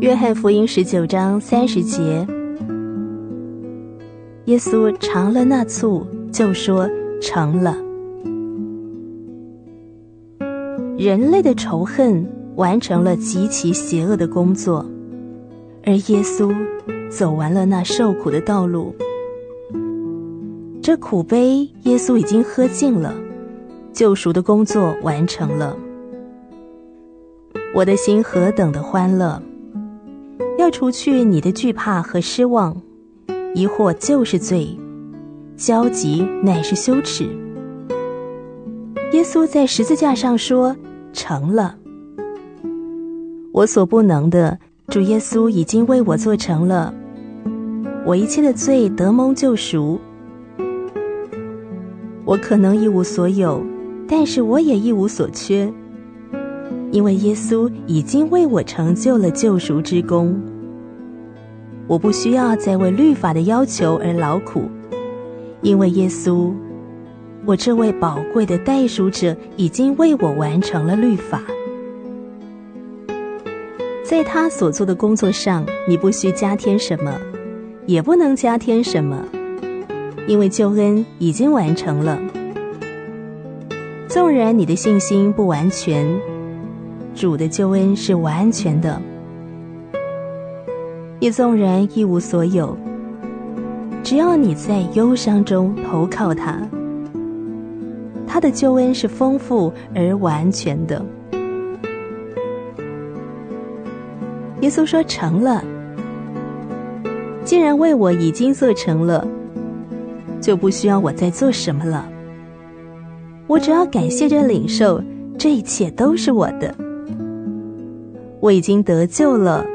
約翰福音十九章三十節，耶穌嘗了那醋，就說：“成了。”人類的仇恨完成了極其邪惡的工作，而耶穌走完了那受苦的道路。這苦杯，耶穌已經喝盡了，救贖的工作完成了。我的心何等的歡樂！除去你的懼怕和失望，疑惑就是罪，焦急乃是羞恥。耶穌在十字架上說：“成了。我所不能的，主耶穌已經為我做成了。我一切的罪得蒙救贖。我可能一無所有，但是我也一無所缺，因為耶穌已經為我成就了救贖之功。”我不需要再為律法的要求而勞苦，因為耶穌，我這位寶貴的代贖者，已經為我完成了律法。在他所做的工作上，你不需加添什麼，也不能加添什麼，因為救恩已經完成了。縱然你的信心不完全，主的救恩是完全的。你縱然一無所有，只要你在憂傷中投靠他，他的救恩是豐富而完全的。耶穌說：“成了，既然為我已經做成了，就不需要我再做什麼了。我只要感謝着領受，這一切都是我的，我已經得救了。”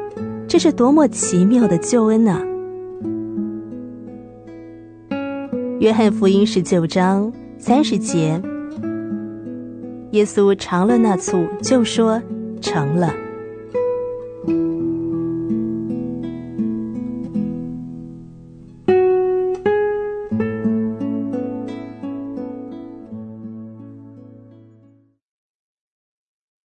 這是多麼奇妙的救恩呢、啊？約翰福音十九章三十節，耶穌嘗了那醋，就說：“成了。”